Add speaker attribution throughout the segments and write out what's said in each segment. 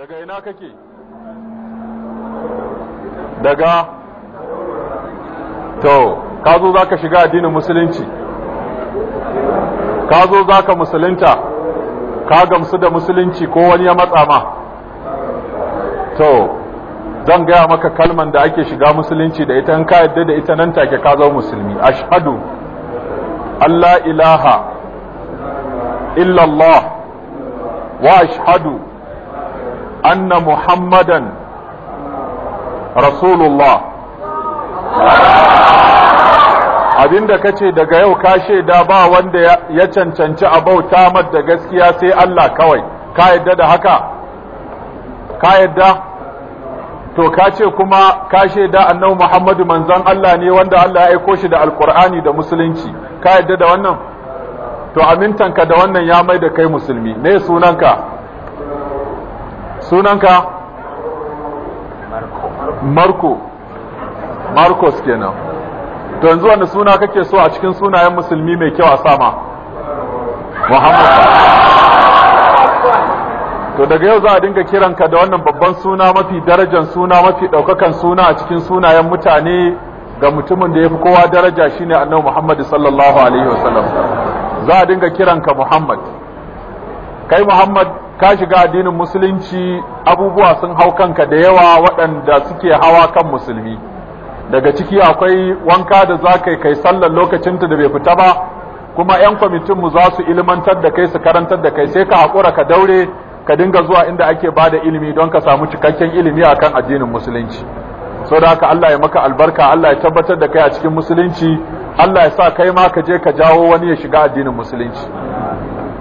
Speaker 1: daga ina kake daga to ka zo za ka shiga addinin musulunci ka zo za ka musulunta ka gamsu da musulunci ko wani ya matsa ma to zan gaya maka kalman da ake shiga musulunci da ita in ka yadda da ita nan take ka zama musulmi ashhadu Allah ilaha illallah wa ashhadu أن محمدا رسول الله abinda kace daga yau ka da ba wanda ya cancanci a bauta da gaskiya sai Allah kawai ka yadda da haka ka yadda to ka ce kuma ka da annabi Muhammadu manzan Allah ne wanda Allah ya aiko shi da alkur'ani da musulunci ka yadda da wannan to amintanka da wannan ya mai da kai musulmi me sunanka sunanka marko marcos kenan to yanzu wanda suna kake so a cikin sunayen musulmi mai kyau a sama muhammad to daga yau za a dinga kiranka da wannan babban suna mafi darajan suna mafi daukakan suna a cikin sunayen mutane ga mutumin da ya fi kowa daraja shine annabi muhammad sallallahu alaihi wasallam za a dinga kiranka muhammad kai Muhammad ka shiga addinin musulunci abubuwa sun hau kanka da yawa waɗanda suke hawa kan musulmi daga ciki akwai wanka da za ka kai sallar lokacinta da bai fita ba kuma 'yan kwamitinmu za su ilmantar da kai su karantar da kai sai ka haƙura ka daure ka dinga zuwa inda ake ba da ilimi don ka samu cikakken ilimi a kan addinin musulunci so da haka Allah ya maka albarka Allah ya tabbatar da kai a cikin musulunci Allah ya sa kai ma ka je ka jawo wani ya shiga addinin musulunci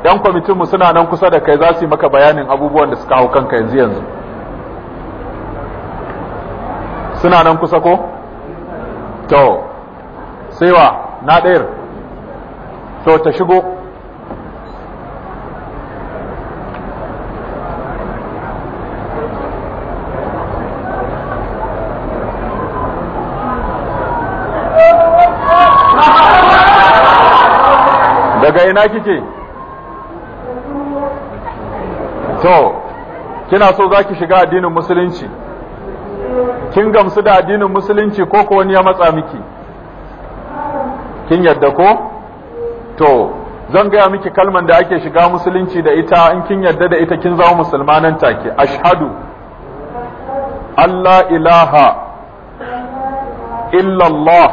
Speaker 1: yan kwamitinmu suna nan kusa da kai za su yi maka bayanin abubuwan da suka hau kanka yanzu yanzu suna nan kusa ko? to saiwa na ɗayar to ta shigo daga ina kike? to kina so zaki shiga addinin musulunci kin gamsu da addinin musulunci ko ko wani ya matsa miki kin yadda ko to zan gaya miki kalman da ake shiga musulunci da ita in kin yadda da ita kin zama musulmanan take ashhadu Allah ilaha illallah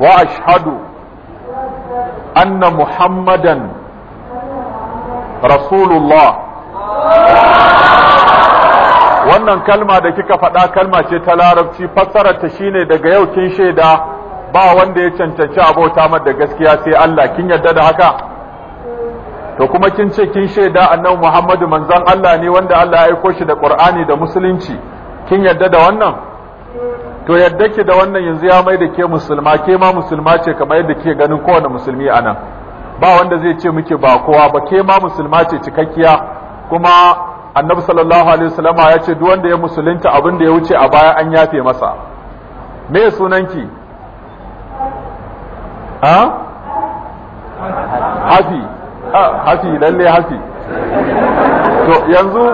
Speaker 1: wa ashhadu anna muhammadan rasulullah wannan kalma da kika faɗa kalma ce ta larabci fassararta shine daga yau kin shaida ba wanda ya cancanci abota mar da gaskiya sai Allah kin yarda da haka to kuma kin ce kin shaida annabi Muhammadu manzan Allah ne wanda Allah ya aiko shi da Qur'ani da musulunci kin yarda da wannan to yarda ki da wannan yanzu ya mai da ke musulma ke ma musulma ce kamar yadda kike ganin kowane musulmi anan ba wanda zai ce muke ba kowa ba ke ma musulma ce cikakkiya kuma annabi sallallahu alaihi wasallam ya ce duk wanda ya musulunta abin da ya wuce a baya an yafe masa me sunanki ha hafi hafi lalle hafi to yanzu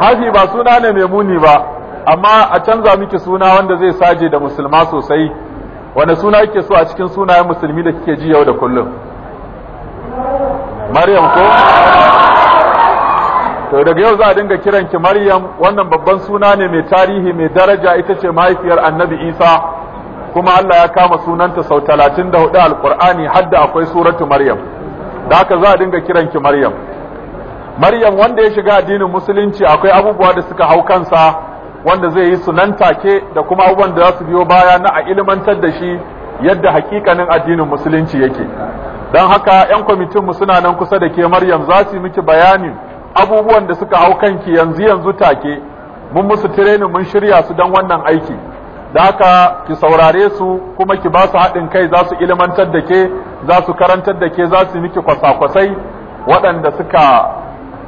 Speaker 1: hafi ba suna ne mai muni ba amma a canza miki suna wanda zai saje da musulma sosai wani suna yake so a cikin sunayen musulmi da kike ji yau da kullum maryam ko to daga yau za a dinga ki maryam wannan babban suna ne mai tarihi mai daraja ita ce mahaifiyar annabi isa kuma allah ya kama sunanta sau talatin da hudu alkur'ani hadda akwai suratu maryam da haka za a dinga kiranki maryam maryam wanda ya shiga addinin musulunci akwai abubuwa da suka hau kansa wanda zai yi sunan take da kuma abubuwan da za su biyo baya na a ilimantar da shi yadda hakikanin addinin musulunci yake don haka 'yan kwamitin suna nan kusa da ke maryam za su yi miki bayanin abubuwan da suka hau kanki yanzu yanzu take mun musu tirenin mun shirya su don wannan aiki da haka ki saurare su kuma ki ba su haɗin kai za su ilimantar da ke za su karantar da ke za su yi miki kwasa-kwasai waɗanda suka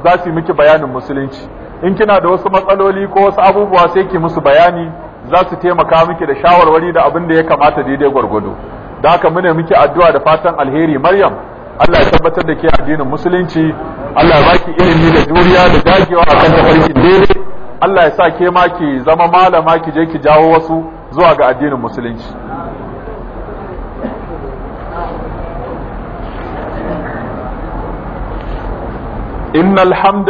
Speaker 1: za su miki bayanin musulunci in kina da wasu matsaloli ko wasu abubuwa sai ki musu bayani za su taimaka miki da shawarwari da abin da ya kamata daidai gwargwado da haka mune miki addu'a da fatan alheri maryam Allah ya tabbatar da ke addinin musulunci Allah ya baki ilimi da juriya da dagewa akan tafarkin daidai Allah ya sa ke ma ki zama malama ki je ki jawo wasu zuwa ga addinin musulunci Inna الحمد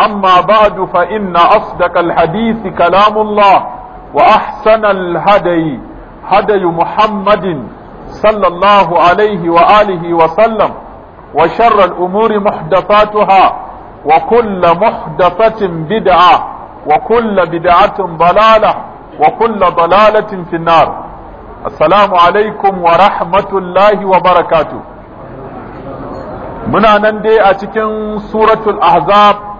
Speaker 1: أما بعد فإن أصدق الحديث كلام الله وأحسن الهدي هدي محمد صلى الله عليه وآله وسلم وشر الأمور محدثاتها وكل محدثة بدعة وكل بدعة ضلالة وكل ضلالة في النار السلام عليكم ورحمة الله وبركاته منا نندي أتكن سورة الأحزاب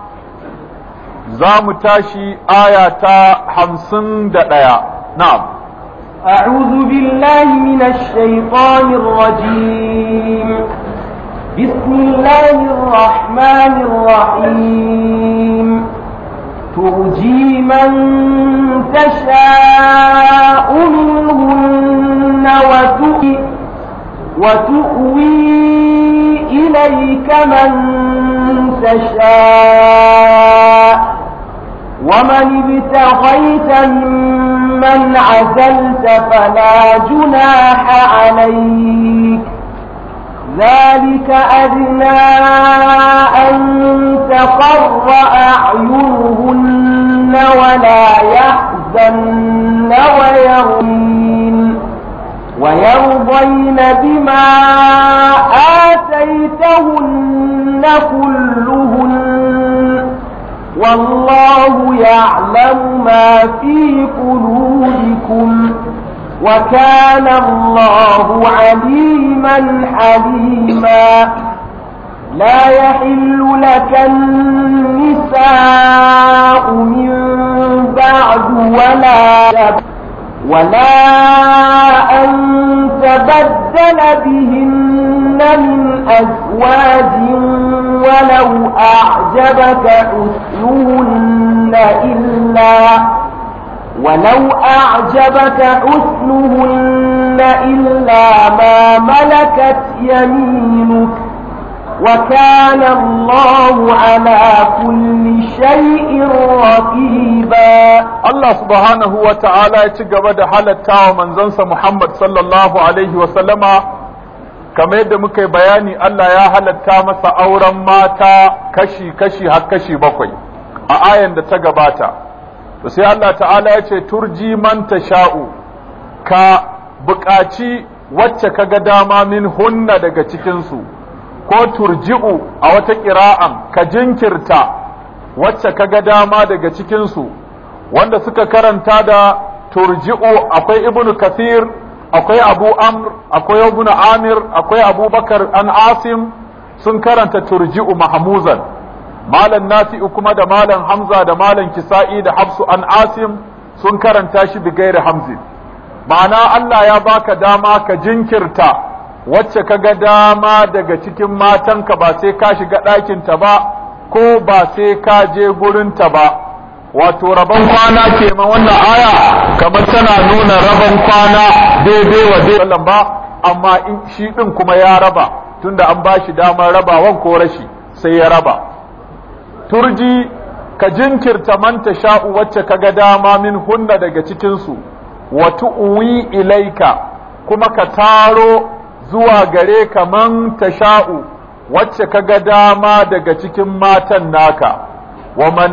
Speaker 1: za mu tashi aya ta hamsin da ɗaya na'am أعوذ
Speaker 2: بالله من الشيطان الرجيم بسم الله الرحمن الرحيم ترجي من تشاء منهن وتؤي, وتؤوي إليك من تشاء ومن ابتغيت ممن عزلت فلا جناح عليك ذلك أدنى أن تقر أعينهن ولا يحزن ويرمين ويرضين بما آتيتهن كلهن والله والله يعلم ما في قلوبكم وكان الله عليما حليما لا يحل لك النساء من بعد ولا
Speaker 3: ولا
Speaker 2: أن تبدل بهن من أزواج ولو أعجبك حسنهن يضل إلا ولو أعجبك حسنهن إلا ما ملكت يمينك
Speaker 1: وكان الله على كل شيء رقيبا الله سبحانه وتعالى يتقبى ده حالة ومن زنس محمد صلى الله عليه وسلم kamar yadda muka yi bayani Allah ya halatta masa auren mata kashi-kashi har kashi bakwai a ayan da ta gabata to sai Allah ta'ala ya ce turji man tasha'u ka buƙaci wacce ka ga dama min hunna daga cikinsu ko turji'u a wata ƙira'an ka jinkirta wacce ka ga dama daga cikinsu wanda suka karanta da turji'u akwai ibnu kathir akwai abu amr akwai ibnu amir akwai abubakar an asim sun karanta turji'u mahmuzan malam nasi kuma da malam hamza da malam kisa'i da hafsu an asim sun karanta shi bi gairi hamzi ma'ana Allah ya baka dama ka jinkirta wacce ka ga dama daga cikin matanka ba sai ka shiga ɗakinta ba ko ba sai ka je gurinta ba wato rabon kwana ke ma wannan aya kamar tana nuna rabon kwana daidai wa daidai ba amma shi ɗin kuma ya raba tunda an ba shi damar rabawan ko rashi sai ya raba turji ka jinkirta man sha'u wacce ka ga dama min hunna daga cikinsu. su wa tu'wi ilaika kuma ka taro zuwa gare ka man sha'u wacce ka ga dama daga cikin matan naka wa man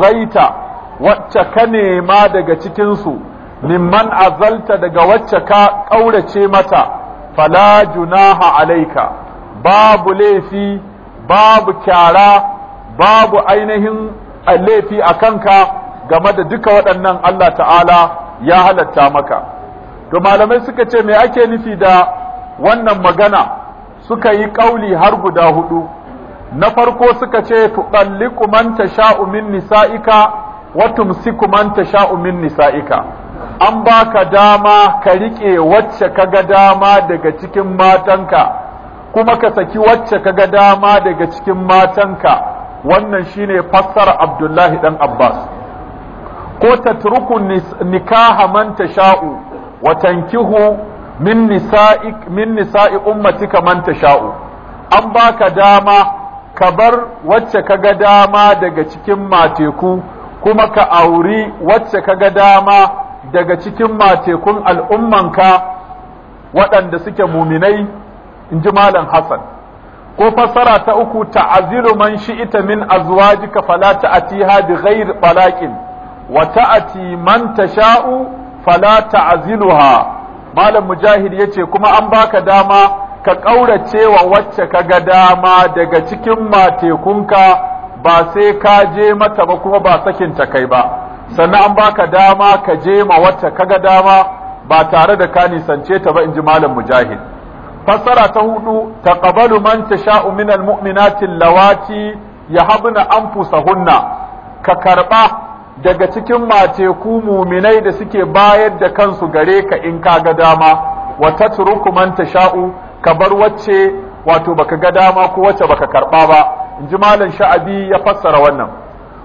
Speaker 1: gaita wacce ka nema daga cikinsu. su mimman azalta daga wacce ka ƙaurace mata fala junaha alaika babu laifi babu kyara babu ainihin laifi a kanka game da duka waɗannan Allah ta'ala ya halatta maka to malamai suka ce me ake nufi da wannan magana suka yi ƙauli har guda hudu na farko suka ce tuɗalliku kumanta sha'umin nisa'ika wa tumsiku kumanta sha'umin nisa'ika an baka dama ka riƙe wacce ka ga dama daga cikin matanka kuma ka saki wacce kaga dama daga cikin matanka wannan shine fassara abdullahi dan abbas ko ta turku nikaha man tasha'u wa tankihu min nisa'i min nisa'i ummatika man tasha'u an baka dama ka bar wacce kaga dama daga cikin mateku kuma ka auri wacce kaga dama daga cikin matekun al'ummanka waɗanda suke muminai in ji malam hassan ko fassara ta uku ta'azilu man shi'ita min azwajika fala ta'tiha bi ghairi talaqin wa ta'ti man tasha'u fala ta'ziluha malam mujahid yace kuma an baka dama ka kaurace wa wacce ka ga dama daga cikin matekunka ba sai ka je mata ba kuma ba sakin ta kai ba sannan an baka dama ka je ma wacce ka ga dama ba tare da ka nisance ta ba inji malam mujahid fassara ta hudu taqabalu man tasha'u min almu'minati lawati yahabna anfusahunna ka karba daga cikin mace ku muminai da suke bayar da kansu gare ka in ka ga dama wa tatruku man tasha'u ka bar wacce wato baka ga dama ko wacce baka karba ba In ji malam sha'abi ya fassara wannan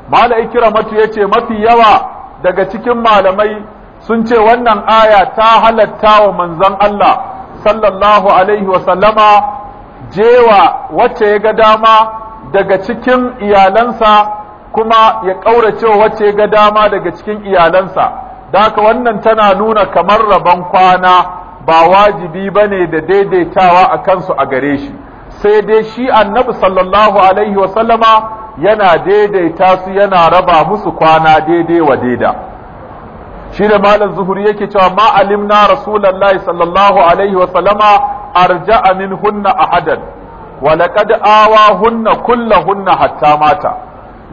Speaker 1: malam ya ce mafi yawa daga cikin malamai sun ce wannan aya ta halatta wa manzon Allah sallallahu alaihi wasallama jewa wacce ya ga dama daga cikin iyalansa kuma ya ƙauracewa wacce ya ga dama daga cikin iyalansa da haka wannan tana nuna kamar rabon kwana ba wajibi ba ne da daidaitawa a kansu a gare shi sai dai shi annabi sallallahu alaihi wasallama yana daidaita su yana raba musu kwana daidai wa daida shi da malam zuhuri yake cewa ma alimna rasulullahi sallallahu alaihi wa sallama arja'a min hunna ahadan wa laqad awa hunna kullahunna hatta mata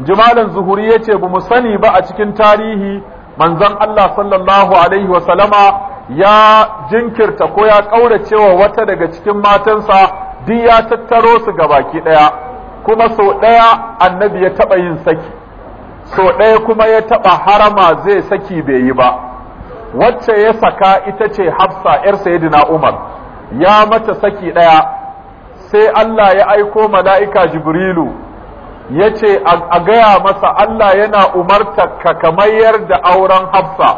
Speaker 1: jimalan zuhuri yace bu mu sani ba a cikin tarihi manzon Allah sallallahu alaihi wa sallama ya jinkirta ko ya wa wata daga cikin matansa duk ya tattaro su gabaki daya kuma sau daya annabi ya taba yin saki so ɗaya kuma ya taɓa harama zai saki bai yi ba wacce ya saka ita ce hafsa ‘yar sayidina umar ya mata saki ɗaya sai Allah ya aiko mala'ika jibrilu ya ce a gaya masa Allah yana umarta ka kamayar da auren hafsa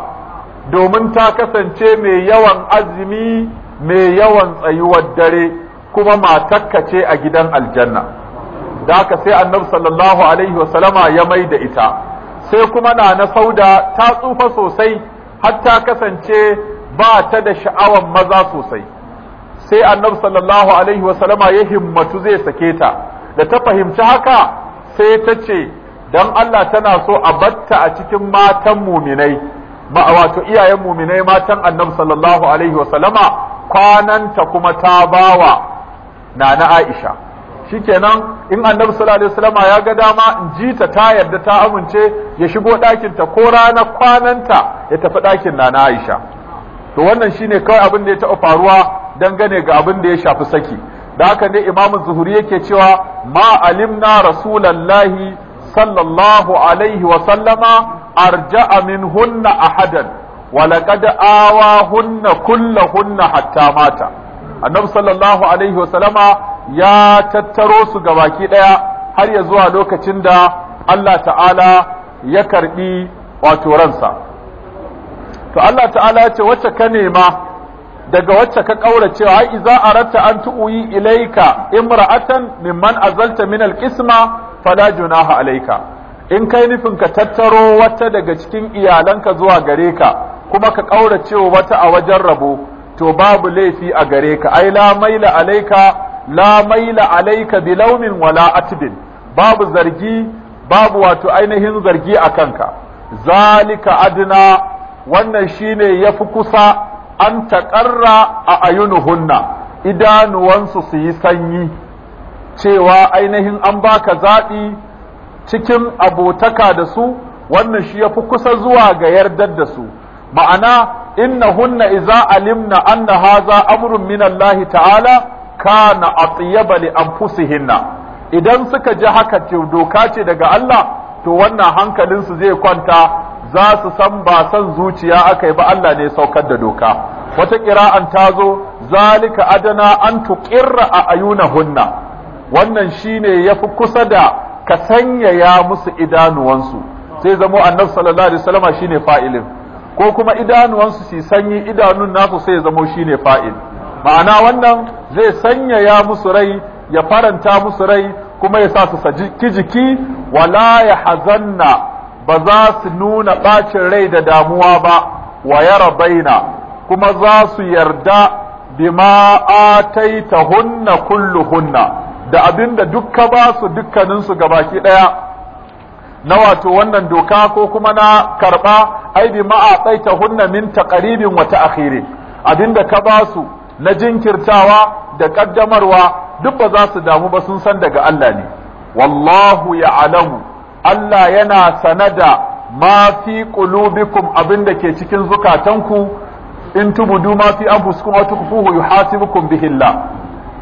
Speaker 1: domin ta kasance mai yawan azumi mai yawan tsayuwar dare kuma matakka ce a gidan aljanna. da haka sai annabi sallallahu alaihi wasallama ya mai da ita sai kuma na na sauda ta tsufa sosai har ta kasance ba ta da sha'awan maza sosai sai annabi sallallahu alaihi wasallama ya himmatu zai sake ta da ta fahimci haka sai ta ce dan Allah tana so a batta a cikin matan muminai ba wato iyayen muminai matan annabi sallallahu alaihi wasallama kwananta kuma ta bawa nana Aisha shikenan in annabi sallallahu alaihi wasallam ya ga dama in ji ta ta yarda ta amince ya shigo ɗakin ta ko ranar kwananta ya tafi ɗakin na Aisha to wannan shine kawai abin da ya taɓa faruwa dangane ga abin da ya shafi saki da haka ne imamu zuhuri yake cewa ma alimna rasulallahi sallallahu alaihi wa sallama arja min hunna ahadan wa laqad awa hunna kullahunna hatta mata annabi sallallahu alaihi wa sallama ya tattaro su ga baki ɗaya har ya zuwa lokacin da Allah ta'ala ya karɓi wato ransa to Allah ta'ala ya ce wacce ka nema daga wacce ka cewa ai iza aratta an tu'uyi ilaika imra'atan mimman azalta min alqisma fala junaha alaika. in kai nufin ka tattaro wata daga cikin iyalanka zuwa gare ka kuma ka ƙauracewa wata a wajen rabo to babu laifi a gare ka ai la maila alaika la maila alayka bilawmin wala atbin babu zargi babu wato ainihin zargi a kanka zalika adna wannan shine yafi kusa an taƙarra a ayunuhunna idanuwansu su yi sanyi cewa ainihin an baka zaɓi cikin abotaka da su wannan shi yafi kusa zuwa ga yardar da su ma'ana innahunna iza alimna anna haza amrun minallahi ta'ala kana atyaba li anfusihinna idan suka ji haka ce doka ce daga Allah to wannan su zai kwanta za su san ba san zuciya aka yi ba Allah ne saukar da doka wata kira'an ta zo zalika adana an tuqirra a ayuna hunna wannan shine yafi kusa da ka sanyaya musu idanuwansu sai zamo annab sallallahu alaihi wasallama shine fa'ilin ko kuma idanuwansu su sanyi idanun nasu sai zamo shine fa'il ma'ana wannan zai sanyaya musu rai ya faranta musu rai kuma ya sa su sajiki jiki wala ya hazanna ba za su nuna bacin rai da damuwa ba wa yara baina kuma za su yarda bima ataita hunna hunna da abinda dukka ba su dukkanin su gabaki daya na wato wannan doka ko kuma na karba ai bima ataita hunna min taqribin wa ta'khiri abinda ka ba su na jinkirtawa da ƙaddamarwa, duk ba za su damu ba sun san daga Allah ne wallahu alamu, Allah yana sanada ma fi kulubikum abinda ke cikin zukatanku in tubudu ma fi anfusikum aw tukhfuhu yuhasibukum bihi bihilla.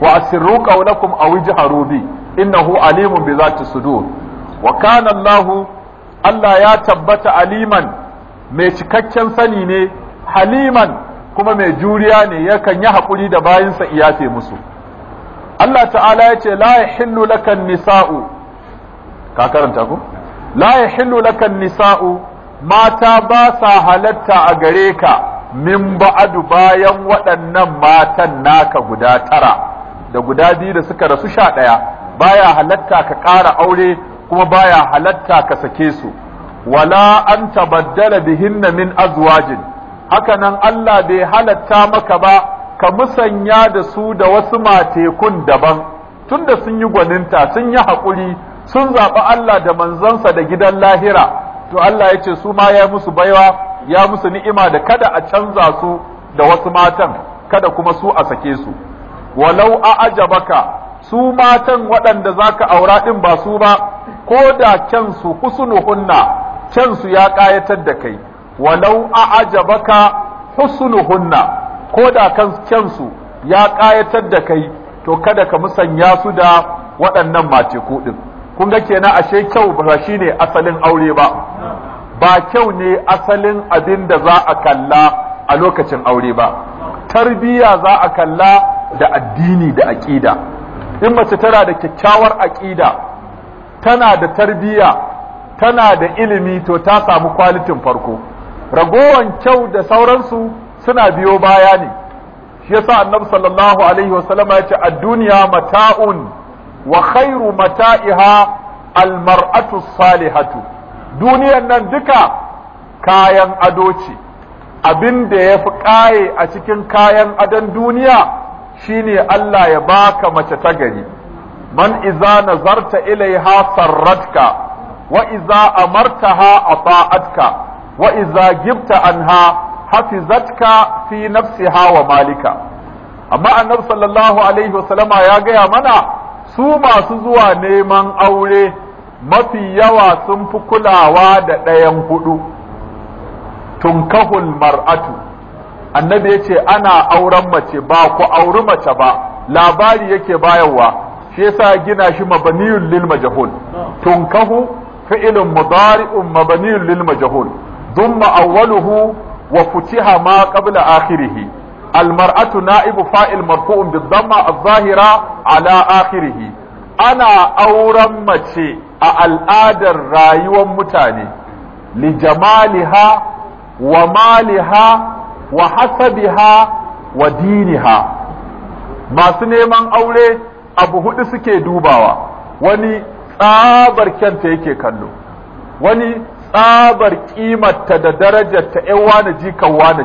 Speaker 1: wa asirru qawlakum aw ijharu bi innahu alimun bi zati sudur wa kana Allah Allah ya tabbata aliman mai cikakken sani ne haliman kuma mai juriya ne yakan yi haƙuri da bayansa iyace musu Allah ta'ala ya ce la yahillu lakan nisa'u ka karanta ku la yahillu lakan nisa'u mata ba sa halatta a gare ka min ba'adu bayan waɗannan matan naka guda tara da guda biyu da suka rasu sha ɗaya baya halatta ka ƙara aure kuma baya halatta ka sake su wala an tabaddala bihinna min azwajin haka nan Allah bai halatta maka ba ka musanya da su da wasu matekun daban tunda sun yi gwaninta sun yi haƙuri sun zaɓi Allah da manzansa da gidan lahira to Allah ya ce su ma ya musu baiwa ya musu ni'ima da kada a canza su da wasu matan kada kuma su a sake su walau a ajabaka su matan waɗanda za ka aura ɗin ba su ba ko da kyansu husnuhunna kyansu ya ƙayatar da kai walau husunu hunna ko da kan kyansu ya kayatar da kai to kada ka musanya su da waɗannan mateku din kun ga kenan ashe kyau ba shine asalin aure ba ba kyau ne asalin abin da za a kalla a lokacin aure ba tarbiya za a kalla da addini da aƙida in mace tana da kyakkyawar aƙida tana da tarbiya tana da ilimi to ta samu kwalitin farko ragowan kyau da sauransu suna biyo baya ne shi yasa annabi sallallahu alaihi wasallama ya ce ad-dunya mata'un wa khairu mata'iha al-mar'atu salihatu duniyan nan duka kayan ado ce abin da ya fi ƙaye a cikin kayan adon duniya shine Allah ya baka mace ta gari man iza nazarta ilaiha sarratka wa iza amartaha ata'atka wa iza gibta anha hafizatka fi nafsiha wa malika amma annabi sallallahu alaihi wasallama ya gaya mana su masu zuwa neman aure mafi yawa sun fi kulawa da ɗayan hudu tunkahul mar'atu annabi yace ana auren mace ba ku auri mace ba labari yake bayarwa shi yasa gina shi mabaniyun lil majhul tunkahu fi'ilun mudari'un mabaniyun lil majhul ضم أوله وفتح ما قبل آخره المرأة نائب فائل مرفوع بالضمة الظاهرة على آخره أنا أورم متي الآد الرأي ومتاني لجمالها ومالها وحسبها ودينها ما سنيمان أولي أبو هدسك دوباوا wani tsabar kyanta yake kallo wani tsabar kimarta da darajarta ‘yan wane jikan wane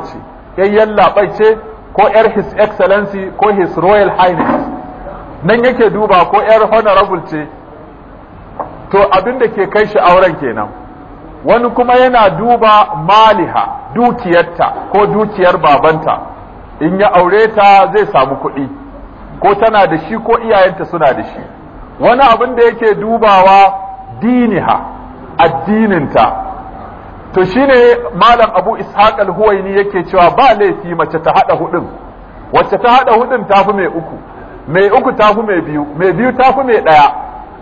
Speaker 1: ce, ‘yan labai ce ko ‘yar His Excellency ko His Royal Highness, nan yake duba ko ‘yar Honorable ce, to abin da ke kai shi auren kenan. Wani kuma yana duba maliha dukiyarta ko dukiyar babanta, in ya aure ta zai samu kuɗi, ko tana da shi ko iyayenta suna da shi. Wani abin da yake dubawa diniha. addininta to shine malam abu ishaq al-huwaini yake cewa ba laifi mace ta hada hudun wacce ta hada hudun tafi mai uku mai uku tafi mai biyu mai biyu tafi mai daya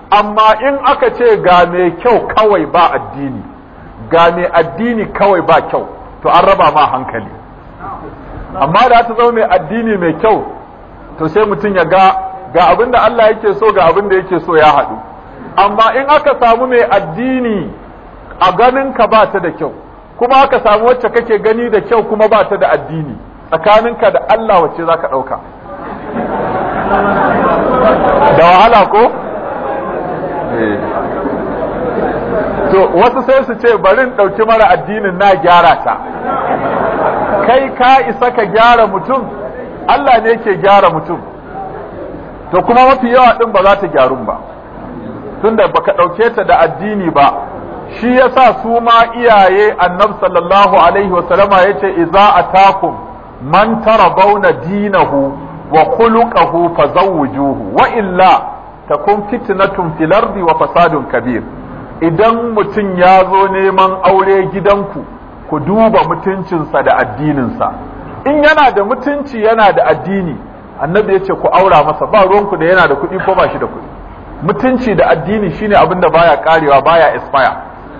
Speaker 1: amma in aka ce ga mai kyau kawai ba addini ga mai addini kawai ba kyau to an raba ma hankali amma da ta zama mai addini mai kyau to sai mutum ya ga ga abinda Allah yake so ga abin da yake so ya haɗu amma in aka samu mai addini a ganin ka ba ta da kyau kuma aka samu wacce kake gani da kyau kuma ba ta da addini tsakaninka da Allah wacce za ka ɗauka da wahala ko? Eh. to wasu sai su ce barin ɗauki mara addinin na gyara ta kai ka isa ka gyara mutum Allah ne ke gyara mutum to kuma mafi yawa ɗin ba za ta gyarun ba tunda baka ɗauke ta da addini ba shi yasa su ma iyaye annab sallallahu alaihi wasallama ya iza atakum man tarabawna dinahu wa khuluquhu fazawwijuhu wa illa takun fitnatun fil ardi wa fasadun kabir idan mutum ya zo neman aure gidanku ku duba mutuncinsa da addininsa in yana da mutunci yana da addini annabi ya ce ku aura masa ba ruwanku da yana da kuɗi ko ba shi da kuɗi mutunci da addini shine abin da baya karewa baya expire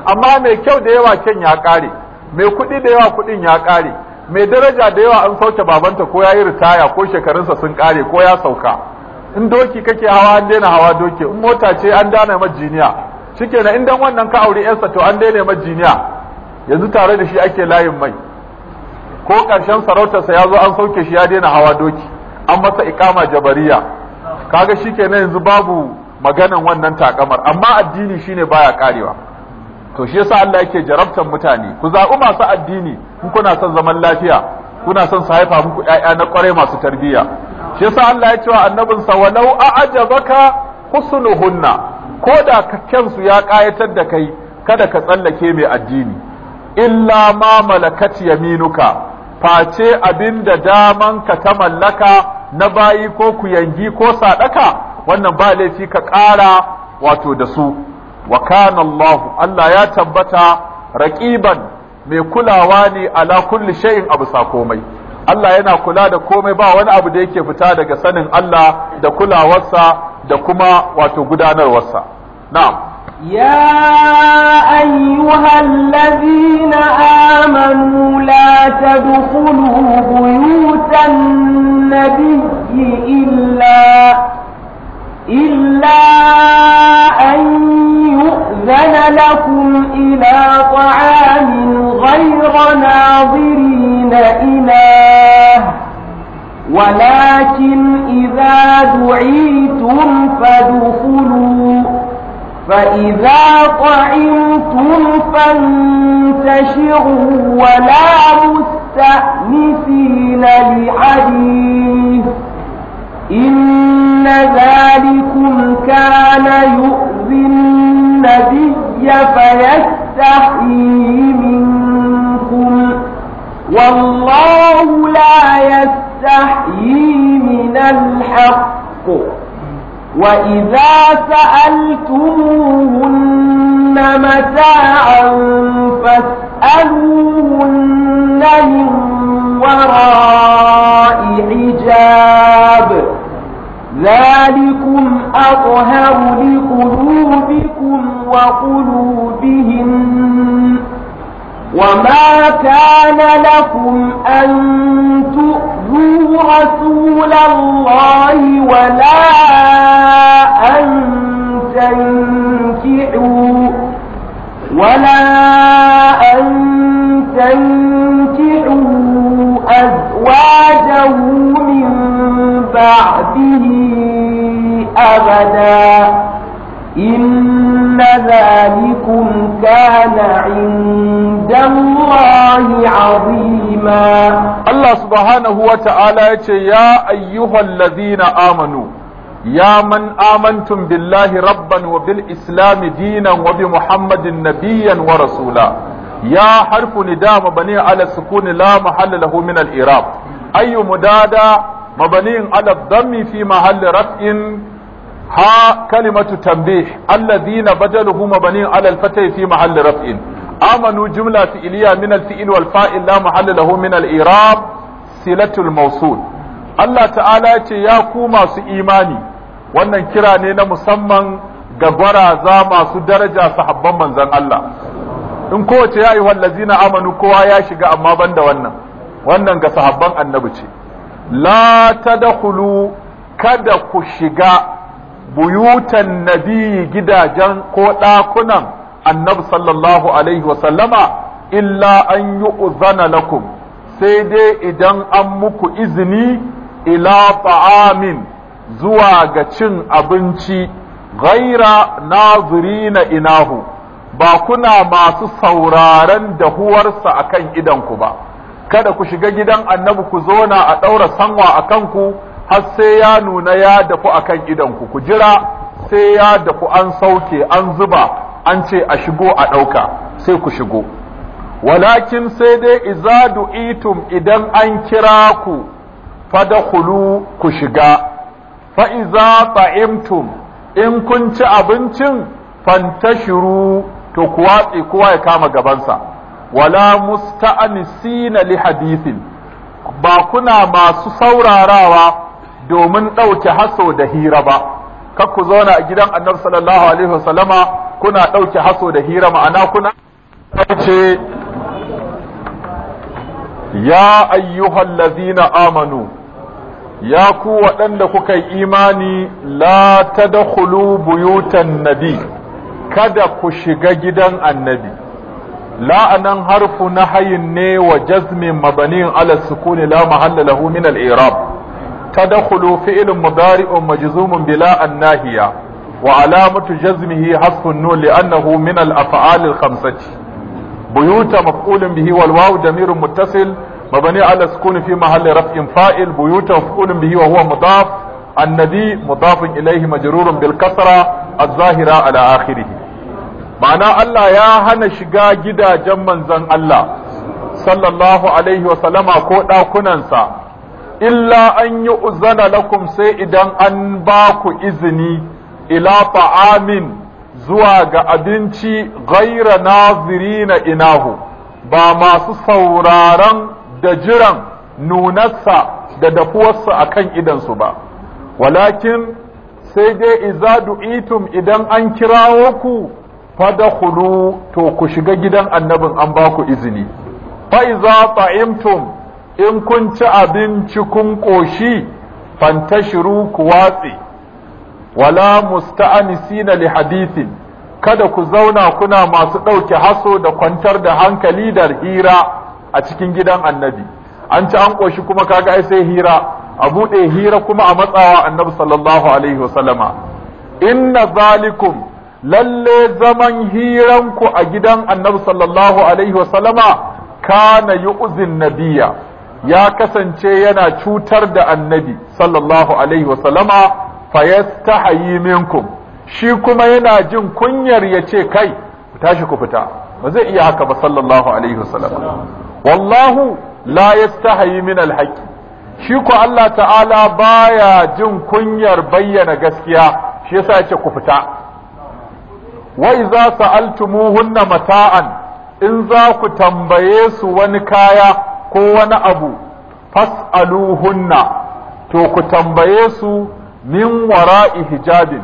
Speaker 1: amma mai kyau da yawa kyan ya kare mai kuɗi da yawa kuɗin ya kare mai daraja da yawa an sauke babanta ko yayi ritaya ko shekarunsa sun kare ko ya sauka in doki kake hawa an daina hawa doki in mota ce an dana majiniya shike na indan wannan ka aure yarsa to an daina majiniya yanzu tare da shi ake layin mai ko karshen sarautarsa ya zo an sauke shi ya daina hawa doki an masa ikama jabariya kaga na yanzu babu maganan wannan takamar amma addini shine baya karewa to shi yasa Allah yake jarabtan mutane ku zaɓi masu addini in kuna son zaman lafiya kuna son su haifa muku ƴaƴa na ƙwarai masu tarbiyya shi yasa Allah ya ce wa annabin sa walau a'jabaka husnuhunna ko da kakken su ya ƙayatar da kai kada ka tsallake mai addini illa ma malakat yaminuka face abinda daman ka ta mallaka na bayi ko ku yangi ko sadaka wannan ba laifi ka ƙara wato da su wa kana Allah Allah ya tabbata raqiban mai kulawa ne ala kulli shay'in abu komai Allah yana kula da komai ba wani abu da yake fita daga sanin Allah da kulawarsa da kuma wato gudanarwarsa na'am
Speaker 2: يا أيها الذين آمنوا لا تدخلوا بيوت النبي إلا إلا أن يؤذن لكم إلى طعام غير ناظرين إله ولكن إذا دعيتم فادخلوا فإذا طعمتم فانتشروا ولا مستأنسين لحديث إن ذلكم كان يؤذي النبي فيستحيي منكم والله لا يستحيي من الحق وإذا سألتموهن متاعا فاسألوهن من وراء حجاب ذلكم أظهر لقلوبكم وقلوبهم
Speaker 1: وما
Speaker 2: كان لكم أن تؤذوا رسول الله ولا أن تنكحوا ولا أن تنكحوا أزواجه من بعده أبدا إن ذلكم كان عند
Speaker 1: الله عظيما الله سبحانه وتعالى يا أيها الذين آمنوا يا من آمنتم بالله ربا وبالإسلام دينا وبمحمد نبيا ورسولا يا حرف نداء مبني على السكون لا محل له من الإعراب أي مدادة مبني على الضم في محل رفع ha kalimatu tambih alladhina badaluhu mabani ala al-fatay fi mahall raf'in amanu jumla fi'liya min al-fi'l wal fa'il la mahall lahu min al-i'rab silatul mawsul Allah ta'ala ya ce ya ku masu imani wannan kira ne na musamman ga gwaraza masu daraja sahabban manzon Allah in kowace ya ayyuhal ladzina amanu kowa ya shiga amma banda wannan wannan ga sahabban annabi ce la tadkhulu kada ku shiga buyutan nabi gidajen ko ɗakunan annabi sallallahu alaihi wasallama illa an yi uzana lakum sai dai idan an muku izini ila ta'amin zuwa ga cin abinci gaira nazirina inahu ba kuna masu sauraron dahuwarsa akan idanku ba kada ku shiga gidan annabi ku zona a ɗaura sanwa a kanku har sai ya nuna ya dafu akan idan ku ku jira sai ya dafu an sauke an zuba an ce a shigo a ɗauka sai ku shigo walakin sai dai izadu itum idan an kira ku fadakulu ku shiga fa'iza ta'imtum in kun ci abincin fantashiru to kuwatsi kowa ya kama gabansa wala musta'anisina li hadithin ba kuna masu saurarawa domin ɗauke haso da hira ba kar ku zauna a gidan annabi sallallahu alaihi wasallama kuna ɗauke haso da hira ma'ana kuna ɗauke ya ayyuhal amanu ya ku waɗanda kuka yi imani la tadkhulu buyutan nabi kada ku shiga gidan annabi la'anan harfu na hayin ne wa jazmin mabanin ala sukuni la mahalla min irab تدخل فعل مضارع مجزوم بلا الناهية وعلامة جزمه حذف النون لأنه من الأفعال الخمسة بيوت مفعول به والواو ضمير متصل مبني على السكون في محل رفع فاعل بيوت مفعول به وهو مضاف النبي مضاف إليه مجرور بالكسرة الظاهرة على آخره معنى الله يا هنا شقا جدا جمن زن الله sallallahu alaihi wasallama ko ɗakunansa illa an yi uzana lakum sai idan an ba ku izini ila fa'amin zuwa ga abinci gaira na inahu ba masu sauraron da jiran nunarsa da dafuwarsa a kan idansu ba walakin sai dai iza du'itum idan an kirawo ku fadakhulu to ku shiga gidan annabin an ba ku izini fa iza ta'imtum in kun ci abinci kun ƙoshi fantashiru ku watsi. wala musta'anisina li hadithin kada ku zauna kuna masu ɗauke haso da kwantar da hankali da hira a cikin gidan annabi an ci an ƙoshi kuma kaga ai sai hira a buɗe hira kuma a matsawa annabi sallallahu alaihi wasallama inna zalikum lalle zaman hiranku a gidan annabi sallallahu alaihi wasallama kana yu'zin nabiyya ya kasance yana cutar da annabi sallallahu alaihi wasallama fayastahayi minkum shi kuma yana jin kunyar ya ce kai ku tashi ku fita ba zai iya haka ba sallallahu alaihi wasallama wallahu la yastahi min alhaq shi ko Allah ta'ala baya jin kunyar bayyana gaskiya shi yasa ya ce ku fita wa idza sa'altumuhunna mata'an in za ku tambaye su wani kaya ko wani abu fas'aluhunna to ku tambaye su min wara'i hijabin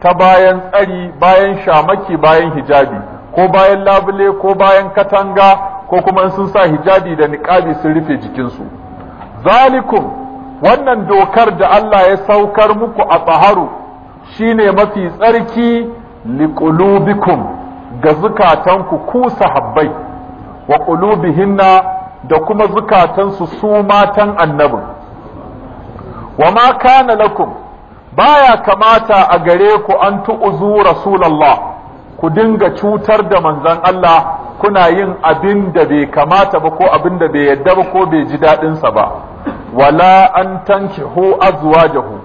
Speaker 1: ta bayan tsari bayan shamaki bayan hijabi ko bayan labule ko bayan katanga ko kuma sun sa hijabi da niqabi sun rufe jikinsu zalikum wannan dokar da Allah ya saukar muku a tsaharu shine mafi tsarki liqulubikum ga zukatanku ku sahabbai wa qulubihinna da kuma zukatansu su matan annabin wa ma kana lakum baya kamata a gare ku an tu'uzu rasulullah ku dinga cutar da manzon Allah kuna yin abin da bai kamata ba ko abin da bai yadda ba ko bai ji dadin sa ba wala an tankihu azwajahu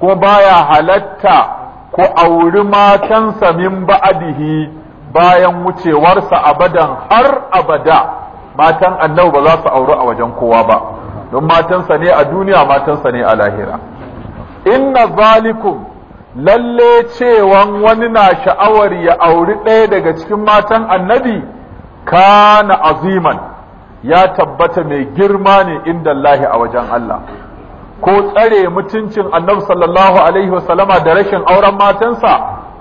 Speaker 1: kuma baya halatta ku auri matansa min ba'adihi bayan wucewarsa abadan har abada matan annabi ba za su auri a wajen kowa ba don matansa ne a duniya matansa ne a lahira inna zalikum lalle cewan wani na sha'awar ya auri ɗaya daga cikin matan annabi kana aziman ya tabbata mai girma ne inda lahi a wajen Allah ko tsare mutuncin annabi sallallahu alaihi wasallama da rashin auren matansa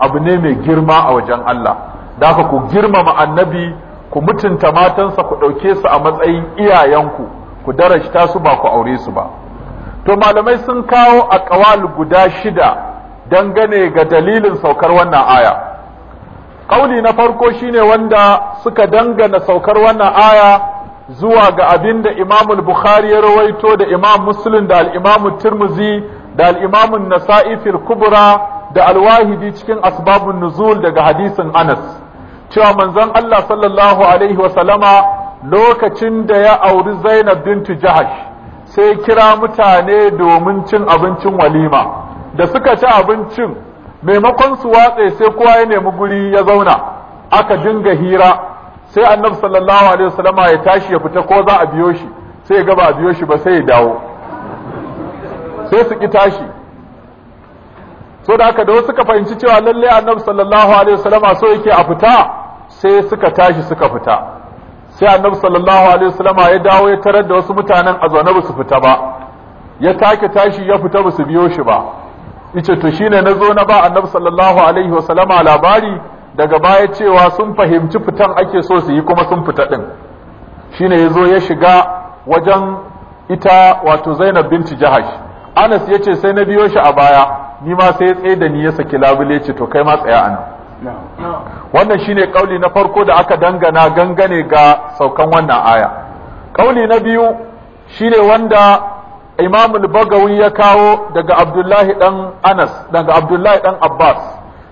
Speaker 1: abu ne mai girma a wajen Allah da ku girmama annabi ku mutunta matansa ku ɗauke su a matsayin iyayenku ku darajta su ba ku aure su ba to malamai sun kawo a ƙawal guda shida dangane ga dalilin saukar wannan aya ƙauli na farko shine wanda suka dangana saukar wannan aya zuwa ga abinda da imamul bukhari ya rawaito da imam muslim da al'imamu Turmuzi, da al'imamun nasa'i fil kubra da alwahidi cikin asbabun nuzul daga hadisin anas cewa manzon Allah sallallahu alaihi wasallama lokacin da ya auri Zainab bintu Jahash sai kira mutane domin cin abincin walima da suka ci abincin maimakon su watse sai kowa ya nemi guri ya zauna aka dinga hira sai annabi sallallahu alaihi wasallama ya tashi ya fita ko za a biyo shi sai ya gaba a biyo shi ba sai ya dawo sai su ki tashi so da haka da wasu fahimci cewa lalle annabi sallallahu alaihi wasallama so yake a fita sai suka tashi suka fita sai annabi sallallahu alaihi wasallama ya dawo ya tarar da wasu mutanen a zaune ba su fita ba ya take tashi ya fita ba su biyo shi ba yace to shine nazo na ba annabi sallallahu alaihi wasallama labari daga baya cewa sun fahimci fitan ake so su yi kuma sun fita din shine yazo ya shiga wajen ita wato Zainab binti Jahash Anas yace sai na biyo shi a baya ni ma sai ya tsaye da ni ya saki labule ce to kai ma tsaya anan
Speaker 2: wannan
Speaker 1: shine kauli na farko da aka dangana gangane ga saukan wannan aya kauli na biyu shine wanda Imam al-Bagawi ya kawo daga Abdullahi ɗan Anas daga Abdullahi ɗan Abbas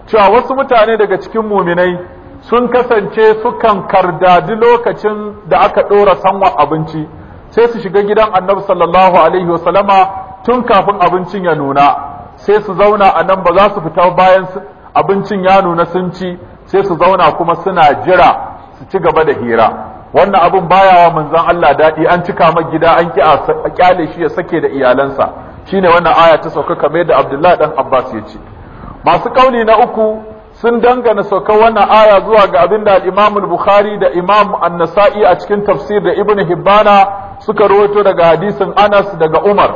Speaker 1: cewa wasu mutane daga cikin muminai sun kasance sukan kardadi lokacin da aka ɗora sanwa abinci sai su shiga gidan Annabi sallallahu alaihi wasallama tun kafin abincin ya nuna sai su zauna a nan ba za su fita bayan abincin ya nuna sun ci sai su zauna kuma suna jira su ci gaba da hira wannan abin baya wa manzon Allah dadi an cika ma gida an ki a kyale shi ya sake da iyalansa shine wannan aya ta sauka kamar da Abdullah dan Abbas ya ce masu kauli na uku sun dangana sauka wannan aya zuwa ga abin da imam bukhari da Imam An-Nasa'i a cikin tafsir da Ibn Hibbana suka rawaito daga hadisin Anas daga Umar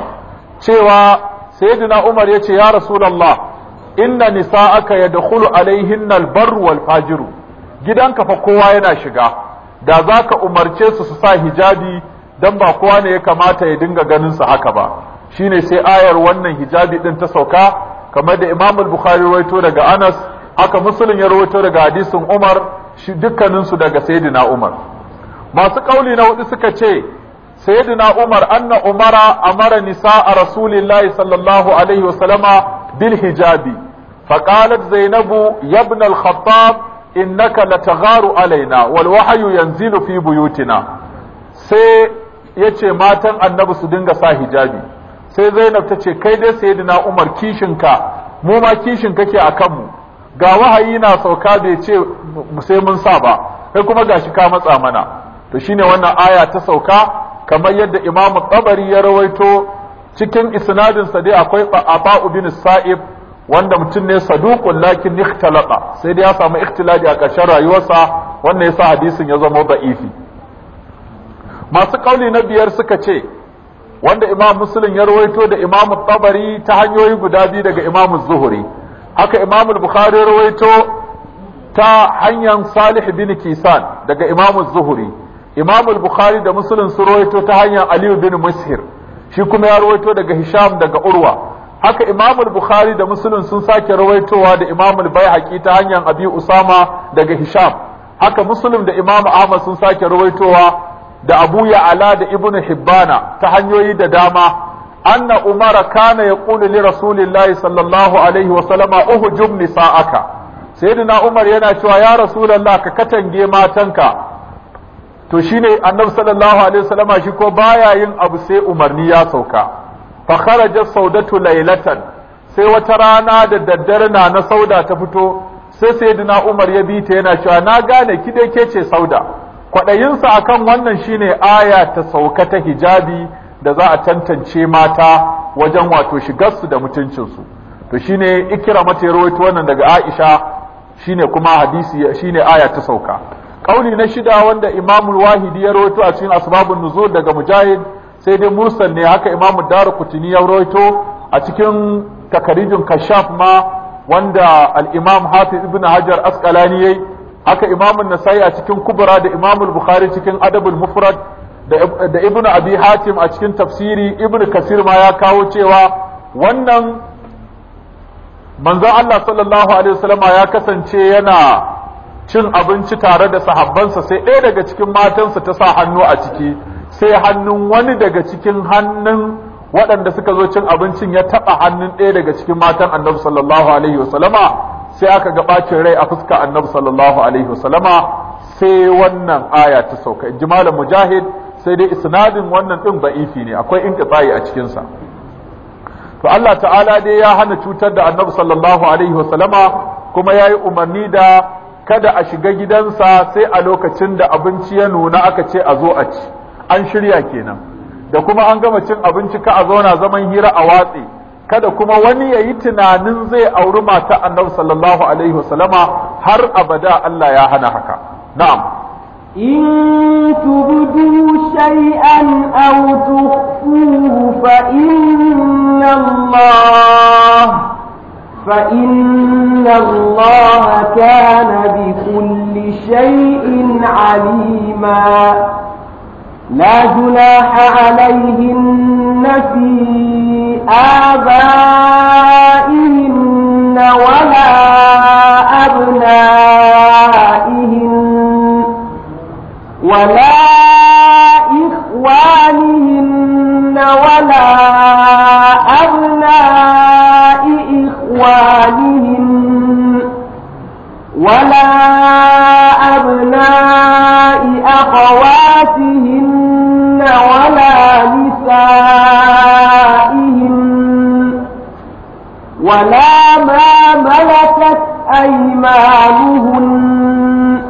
Speaker 1: cewa sayyidina Umar ya ce ya Rasulullah inna nisa'aka yadkhulu alayhinna albar wal fajir gidanka fa kowa yana shiga da zaka umarce su su sa hijabi dan ba kowa ne ya kamata ya dinga ganin su haka ba shine sai ayar wannan hijabi din ta sauka kamar da Imam bukhari rawaito daga Anas haka Muslim ya rawaito daga hadisin Umar shi dukkanin su daga Sayyidina Umar masu kauli na hudu suka ce Sayyidina Umar anna Umara amara nisa a Rasulillahi sallallahu alaihi wasallama bil hijabi faqalat zainabu yabna al-khattab innaka latagharu alaina wal wahyu yanzilu fi buyutina sai yace matan annabi su dinga sa hijabi sai zainab ta ce kai dai na umar kishinka mu ma kishin kake a kanmu? ga wahayi na sauka bai ce sai mun sa ba kai kuma shi ka matsa mana to shine wannan aya ta sauka kamar yadda imamu ƙabari ya rawaito cikin isnadin sa dai akwai aba'u bin sa'ib wanda mutum ne saduqun lakin ikhtalata sai dai ya samu ikhtilali a ƙarshen rayuwarsa wannan yasa hadisin ya zama da'ifi masu kauli na biyar suka ce wanda imam muslim ya rawaito da imam tabari ta hanyoyi guda biyu daga imam zuhuri haka imam bukhari ya rawaito ta hanyar salih bin kisan daga imam zuhuri imam bukhari da muslim su rawaito ta hanyar aliyu bin mushir shi kuma ya rawaito daga Hisham daga Urwa haka Imam al-Bukhari da Muslim sun sake rawaitowa da Imam al-Baihaqi ta hanyar Abi Usama daga Hisham haka Muslim da Imam Ahmad sun sake rawaitowa da Abu Ya'la da Ibn Hibbana ta hanyoyi da dama anna Umar kana yaqulu li Rasulillahi sallallahu alaihi wa sallama uhujum nisa'aka sayyidina Umar yana cewa ya Rasulullah ka katange matanka to shi shine nan sallallahu alaihi wasallama shi ko baya yin abu sai umarni ya sauka fa kharaja saudatu laylatan sai wata rana da daddare na na sauda ta fito sai sayyidina umar ya bi ta yana cewa na gane ki dai ke ce sauda sa akan wannan shine aya ta sauka ta hijabi da za a tantance mata wajen wato shigar su da mutuncinsu to shine ikira mata rawaito wannan daga aisha shine kuma hadisi shine aya ta sauka kauli na shida wanda imamul wahidi ya rawaito a cikin asbabun nuzul daga mujahid sai dai mursal ne haka imamu darukutini ya rawaito a cikin takarijin kashaf ma wanda al-imam hafiz ibn hajar asqalani yayi haka imamun nasai a cikin kubra da imamul bukhari cikin adabul mufrad da ibn abi hatim a cikin tafsiri ibn kasir ma ya kawo cewa wannan manzon Allah sallallahu alaihi wasallama ya kasance yana cin abinci tare da sahabbansa sai ɗaya daga cikin matansa ta sa hannu a ciki sai hannun wani daga cikin hannun waɗanda suka zo cin abincin ya taɓa hannun ɗaya daga cikin matan annabi sallallahu alaihi wasallama sai aka ga bacin rai a fuska annabi sallallahu alaihi wasallama sai wannan aya ta sauka in ji mujahid sai dai isnadin wannan ɗin ba'ifi ne akwai inqita'i a cikinsa to Allah ta'ala dai ya hana cutar da annabi sallallahu alaihi wasallama kuma yayi umarni da kada a shiga gidansa sai a lokacin da abinci ya nuna aka ce a zo a ci an shirya kenan da kuma an gama cin abinci ka a zauna zaman hira a watse kada kuma wani ya yi tunanin zai auri mata annabi sallallahu alaihi wasallama har abada Allah ya hana haka na'am
Speaker 2: in تبدوا فإن الله كان بكل شيء عليما لا جناح عليهن في آبائهن ولا أبنائهن أموالهم ولا أبناء أخواتهن ولا نسائهن ولا ما ملكت أيمانهن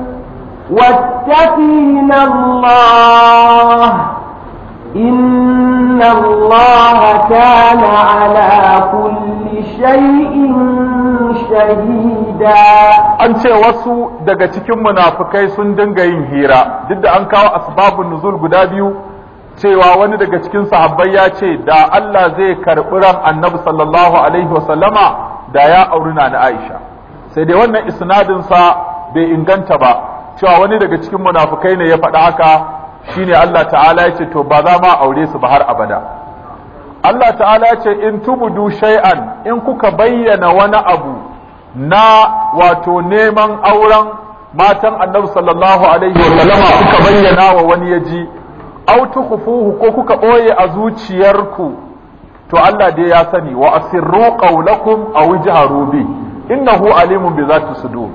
Speaker 2: واتقين الله إن الله كان على كل شيء
Speaker 1: an ce wasu daga cikin munafukai sun dinga yin hira duk da an kawo asbabun nuzul guda biyu cewa wani daga cikin sahabbai ya ce da Allah zai karɓi ran annabi sallallahu alaihi wasallama da ya auri na Aisha sai dai wannan isnadin sa bai inganta ba cewa wani daga cikin munafukai ne ya faɗa haka shine Allah ta'ala ya ce to ba za ma aure su ba har abada Allah ta'ala ya ce in tubudu shay'an in kuka bayyana wani abu na wato neman auren matan annabi sallallahu alaihi wa kuka bayyana wa wani ya ji au ko kuka boye a zuciyarku to Allah dai ya sani wa asirru qawlakum aw jaharu bi innahu alimun bi zati sudur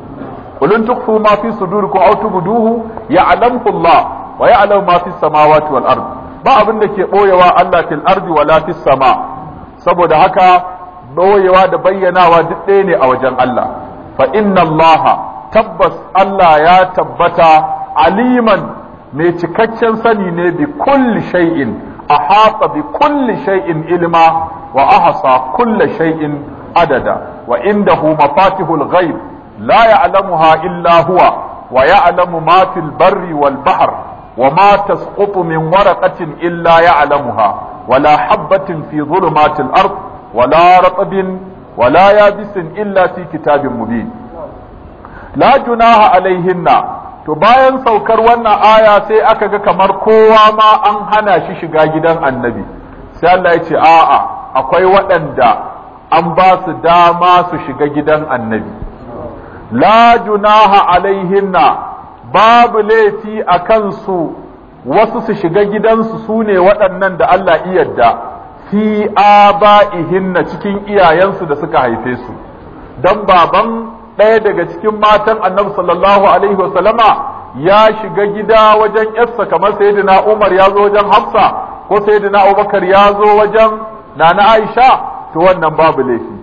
Speaker 1: qul in tukhfu ma fi sudurikum aw tubduhu ya'lamu Allah wa ya'lamu ma fi samawati wal ard ba abin da ke boyewa Allah fil ardi wala fis sama saboda haka ɓoyewa da bayyanawa duk ɗaya ne a wajen Allah fa inna Allah tabbas Allah ya tabbata aliman mai cikakken sani ne bi kulli shay'in ahata bi kulli shay'in ilma wa ahsa kulli shay'in adada wa indahu mafatihul ghaib la ya'lamuha illa huwa wa ya'lamu ma fil barri wal bahr wa ma tasqutu min waraqatin illa ya'lamuha ولا حبة في ظلمات الأرض wala رطب wala يابس illa في kitabin مبين لا جناح alaihinna to bayan saukar wannan aya sai aka ga kamar kowa ma an hana shi shiga gidan annabi sai Allah ya ce a'a akwai waɗanda an ba su dama su shiga gidan annabi la junaha alaihinna babu laifi a kansu wasu su shiga gidansu su ne waɗannan da Allah iya fi aba'ihinna cikin iyayensu da suka haife su dan baban ɗaya daga cikin matan annabi sallallahu alaihi wasallama ya shiga gida wajen yarsa kamar sayyidina Umar ya zo wajen Hafsa ko sayyidina Abubakar ya zo wajen nana Aisha to wannan babu laifi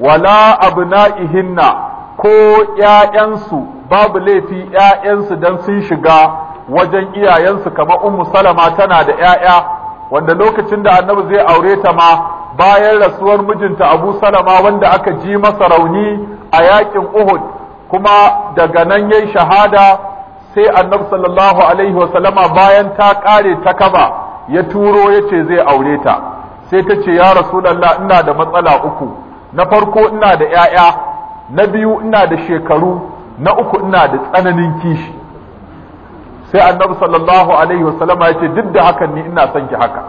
Speaker 1: wala abna'ihinna ko ƴaƴansu babu laifi ƴaƴansu dan sun shiga wajen iyayensu kamar Ummu Salama tana da ƴaƴa wanda lokacin da annabi zai aure ta ma bayan rasuwar mijinta abu salama wanda aka ji masa rauni a yakin uhud kuma daga nan yayi shahada sai annabi sallallahu alaihi sallama bayan ta kare ta kaba ya turo ya ce zai aure ta sai ta ce ya rasulallah ina da matsala uku na farko ina da 'ya'ya na biyu ina da shekaru na uku ina da tsananin kishi sai annabi sallallahu alaihi wasallama ya ce duk da hakan ni ina son ki haka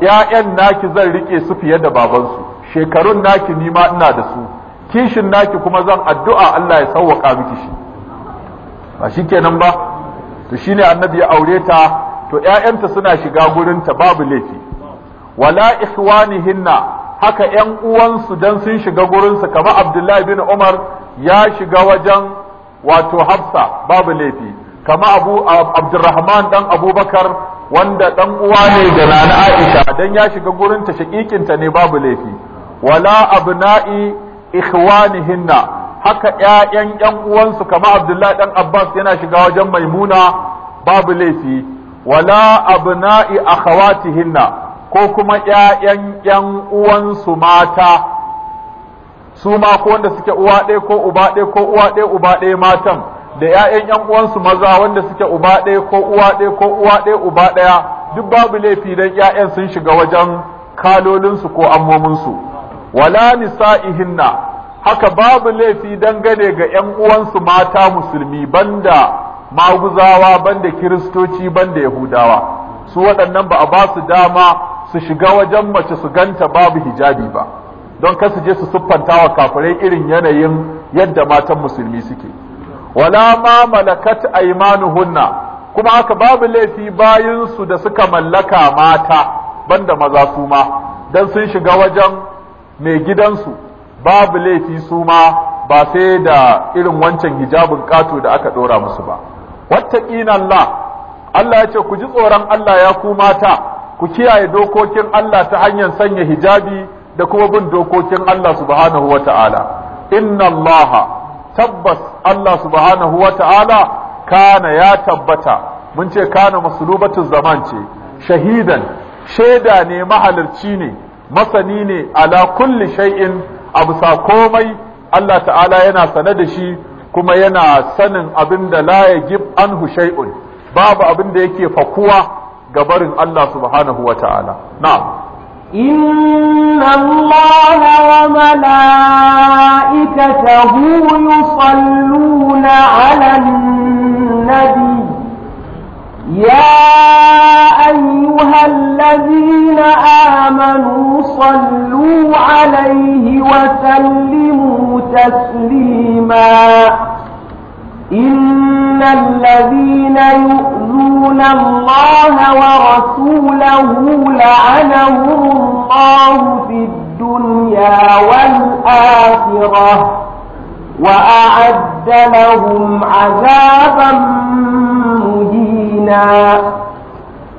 Speaker 1: ƴaƴan naki zan rike su fiye da babansu shekarun naki ni ma ina da su kishin naki kuma zan addu'a Allah ya sawwaka miki shi ba shi shikenan ba to shine annabi ya aure ta to ƴaƴanta suna shiga gurin ta babu laifi wala ihwanihinna haka ƴan uwansu dan sun shiga gurin su kamar Abdullahi bin Umar ya shiga wajen wato Hafsa babu laifi kama abu abdurrahman dan abubakar wanda dan uwa ne da nana aisha dan ya shiga gurin ta shakikinta ne babu laifi wala abna'i ikhwanihinna haka ƴaƴan ƴan uwansu kama abdullahi dan abbas yana shiga wajen maimuna babu laifi wala abna'i akhawatihinna ko kuma ƴaƴan ƴan uwansu mata su ma ko wanda suke uwa ɗaya ko uba ɗaya ko uwa ɗaya uba ɗaya matan da ‘ya'yan ‘yan uwansu maza wanda suke uba ɗaya ko uwa ɗaya ko uwa ɗaya uba ɗaya duk babu laifi don ‘ya'yan sun shiga wajen kalolinsu ko ammominsu wala nisa ihinna haka babu laifi don gane ga ‘yan uwansu mata musulmi banda maguzawa banda kiristoci banda yahudawa su waɗannan ba a ba su dama su shiga wajen mace su ganta babu hijabi ba don kasu je su siffanta wa kafirai irin yanayin yadda matan musulmi suke wala ma malakat aymanuhunna kuma aka babu laifi bayin su da suka mallaka mata banda maza su ma dan sun shiga wajen mai gidansu babu laifi su ma ba sai da irin wancan hijabin kato da aka dora musu ba wattaqina Allah Allah ya ce ku ji tsoron Allah ya ku mata ku kiyaye dokokin Allah ta hanyar sanya hijabi da kuma bin dokokin Allah subhanahu wata'ala inna Allah tabbas Allah subhanahu wa ta'ala kana ya tabbata mun ce kana masulubatu zaman ce shahidan shaida ne mahalarci ne masani ne ala kulli shay'in abu sa komai Allah ta'ala yana sane da shi kuma yana sanin abin da la gib anhu shay'un babu abin da yake fakuwa gabarin Allah subhanahu wa ta'ala na'am
Speaker 2: إن الله وملائكته يصلون على النبي يا أيها الذين آمنوا صلوا عليه وسلموا تسليماً إن الذين يؤذون الله ورسوله لعنهم الله في الدنيا والآخرة وأعد لهم عذابا مهينا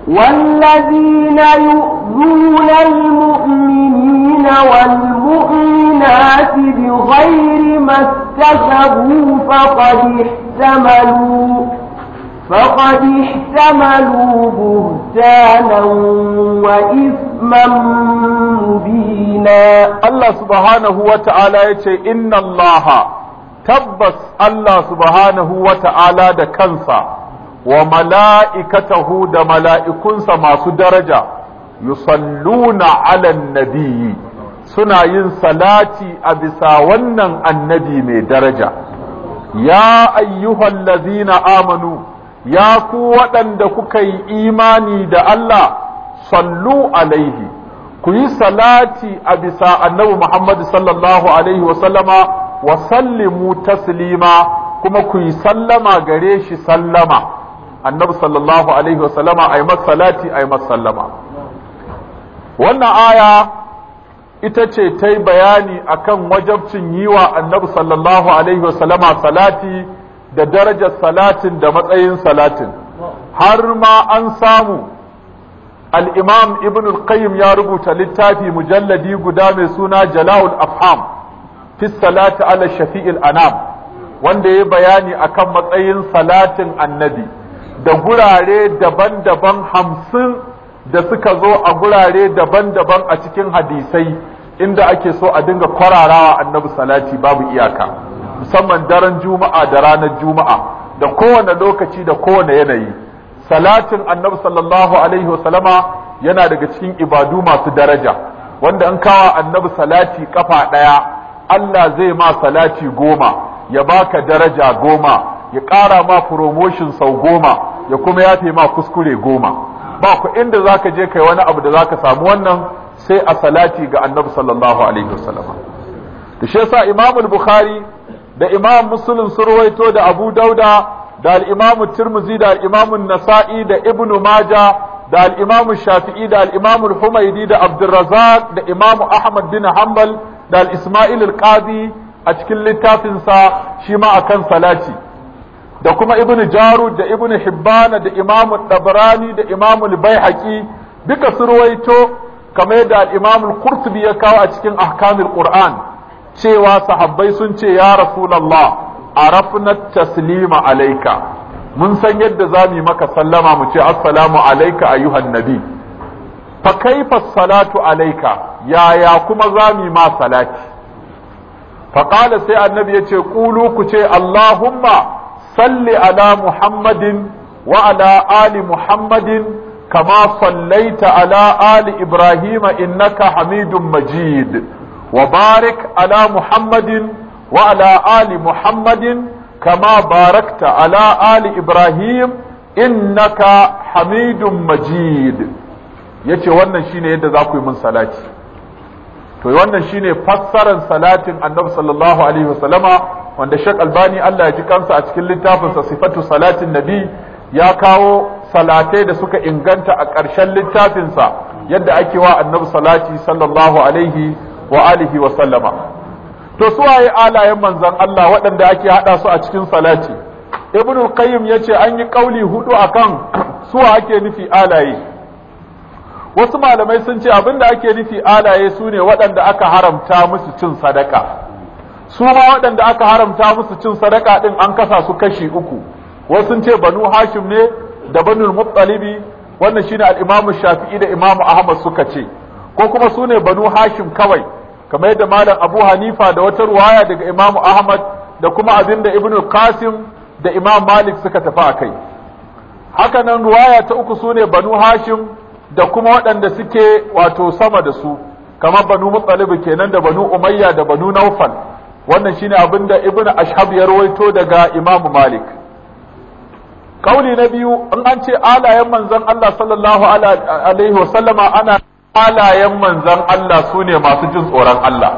Speaker 2: والذين يؤذون المؤمنين والمؤمنات بغير ما اكتسبوا فقد احتملوا فقد احتملوا بهتانا وإثما مبينا
Speaker 1: الله سبحانه وتعالى يتشي إن الله tabbas Allah subhanahu da kansa wa mala'ikatahu da mala'ikunsa masu daraja yusalluna alan nabiyyi suna yin salati a bisa wannan annabi mai daraja ya ayyuhan lazina amanu ya ku waɗanda kuka yi imani da Allah sallu alaihi ku yi salati a bisa annabi Muhammad sallallahu alaihi wasallama wa sallimu taslima kuma ku yi sallama gare shi sallama annabi sallallahu alaihi wasallama a yi salati a yi sallama wannan aya ita ce ta yi bayani akan wajabcin yi wa annabi sallallahu alaihi wasallama salati da darajar salatin da matsayin salatin har ma an samu al'imam ibn al-qayyim ya rubuta littafi mujalladi guda mai suna jala'ul afham fi salati ala shafi'il anam wanda ya bayani akan matsayin salatin annabi da gurare daban-daban hamsin da suka zo a gurare daban-daban a cikin hadisai inda ake so a dinga kwararawa annabi salati babu iyaka musamman daren juma'a da ranar juma'a da kowane lokaci da kowane yanayi salatin annabi sallallahu alaihi wasallama yana daga cikin ibadu masu daraja wanda an kawa annabi salati kafa ɗaya, Allah zai ma salati goma ya baka daraja goma ya ƙara ma promotion sau goma ya kuma yafe ma kuskure goma ba ku inda za ka je kai wani abu da za ka samu wannan sai a salati ga annabi sallallahu alaihi wasallam da shi yasa imam bukhari da imam muslim sun ruwaito da abu dauda da al-imam tirmidhi da al nasai da ibnu Maja, da al-imam shafi'i da al-imam da abdurrazzaq da imam ahmad bin hanbal da al-isma'il al-qadi a cikin littafinsa shi ma kan salati da kuma ibn jaru da ibn hibbana da imamu tabarani da imamu baihaqi duka su ruwaito kamar da al-imamu qurtubi ya kawo a cikin ahkamul qur'an cewa sahabbai sun ce ya rasulullah arafna taslima alayka mun san yadda za maka sallama mu ce assalamu alayka ayyuhan nabi fa kaifa salatu alayka yaya kuma za mu yi ma salati fa qala sai annabi yace qulu ku ce allahumma salli ala muhammadin wa'ala ali muhammadin kama fallaita ala ali ibrahima innaka hamidun majid wa barik ala muhammadin wa ali muhammadin kama barakta ala ali ibrahim innaka hamidun majid yace wannan shine yadda za ku yi min salati to wannan shine fassarar salatin annabi sallallahu alaihi wasallama wanda Sheikh Albani Allah ya ji kansa a cikin littafinsa sifatu salatin nabi ya kawo salatai da suka inganta a ƙarshen littafinsa yadda ake wa annabi salati sallallahu alaihi wa alihi wa sallama to su waye alayen manzon Allah waɗanda ake hada su a cikin salati ibn qayyim yace an yi kauli hudu akan su ake nufi alaye wasu malamai sun ce abinda ake nufi alaye sune waɗanda aka haramta musu cin sadaka su ma waɗanda aka haramta musu cin sadaka ɗin an kasa su kashi uku wasu ce banu hashim ne da banu muttalibi wannan shine al-imamu shafi'i da imamu ahmad suka ce ko kuma su ne banu hashim kawai kamar yadda malam abu hanifa da wata ruwaya daga imamu ahmad da kuma abin da ibnu qasim da imam malik suka tafi a kai haka nan ruwaya ta uku su ne banu hashim da kuma waɗanda suke wato sama da su kamar banu muttalibi kenan da banu umayya da banu naufal wannan shine abin da ibnu ashab ya rawaito daga imam malik kauli na biyu in an ce alayen manzon Allah sallallahu alaihi wasallama ana alayen manzon Allah sune masu jin tsoron Allah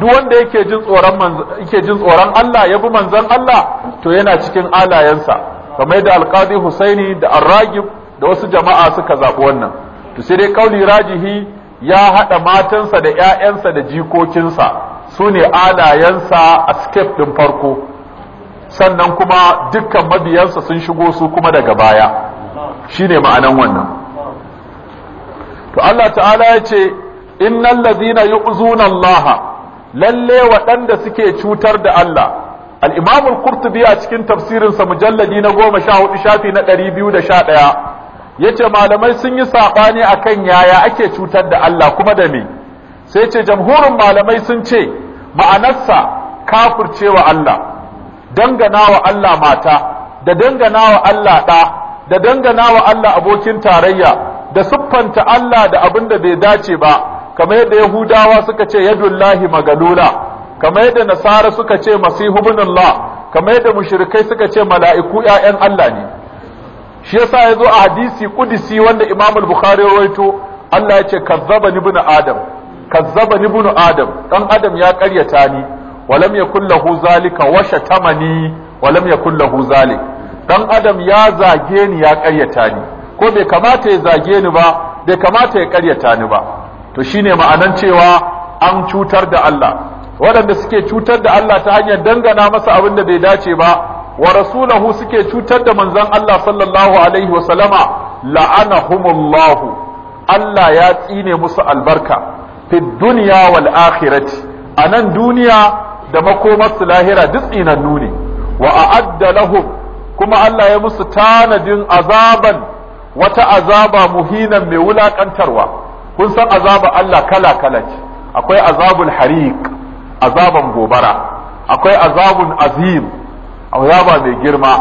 Speaker 1: duk wanda yake jin tsoron manzon yake jin tsoron Allah yabi manzon Allah to yana cikin alayensa kamar da alqadi husaini da arragib da wasu jama'a suka zabi wannan to sai dai kauli rajihi ya hada matansa da ƴaƴansa da jikokinsa su ne alayensa a step ɗin farko sannan kuma dukkan mabiyansa sun shigo su kuma daga baya shi ne ma'anan wannan to Allah ta'ala ya ce innan lazina yi Allah lalle waɗanda suke cutar da Allah al'imamul kurtubi a cikin tafsirinsa mujalladi na goma sha hudu shafi na ɗari biyu da sha ɗaya ya malamai sun yi saɓani a kan yaya ake cutar da Allah kuma da me sai ce jamhurin malamai sun ce ma'anarsa kafircewa Allah dangana wa Allah mata da danganawa Allah ɗa da danganawa Allah abokin tarayya da siffanta Allah da abin da bai dace ba kamar yadda Yahudawa suka ce yadullahi magalula kamar yadda Nasara suka ce masihu binullah kamar yadda mushrikai suka ce mala'iku yayan Allah ne shi yasa yazo a hadisi kudisi wanda Imam al-Bukhari rawaito Allah ya ce kazzaba ibn Adam kazzaba ibnu adam dan adam ya karyata ni walam yakul lahu zalika wa shatamani walam yakul lahu zalik dan adam ya zage ni ya karyata ni ko bai kamata ya zage ni ba bai kamata ya karyata ni ba to shine ma'anan cewa an cutar da Allah waɗanda suke cutar da Allah ta hanyar dangana masa abin da bai dace ba wa rasulahu suke cutar da manzon Allah sallallahu alaihi wa sallama la'anahumullahu Allah ya tsine musu albarka fi duniya wal akhirati a nan duniya da makomarsu lahira duk tsinannu ne wa a'adda lahum kuma Allah ya musu tanadin azaban wata azaba muhinan mai wulakantarwa kun san azaba Allah kala kala ce akwai azabul hariq azaban gobara akwai azabun azim azaba mai girma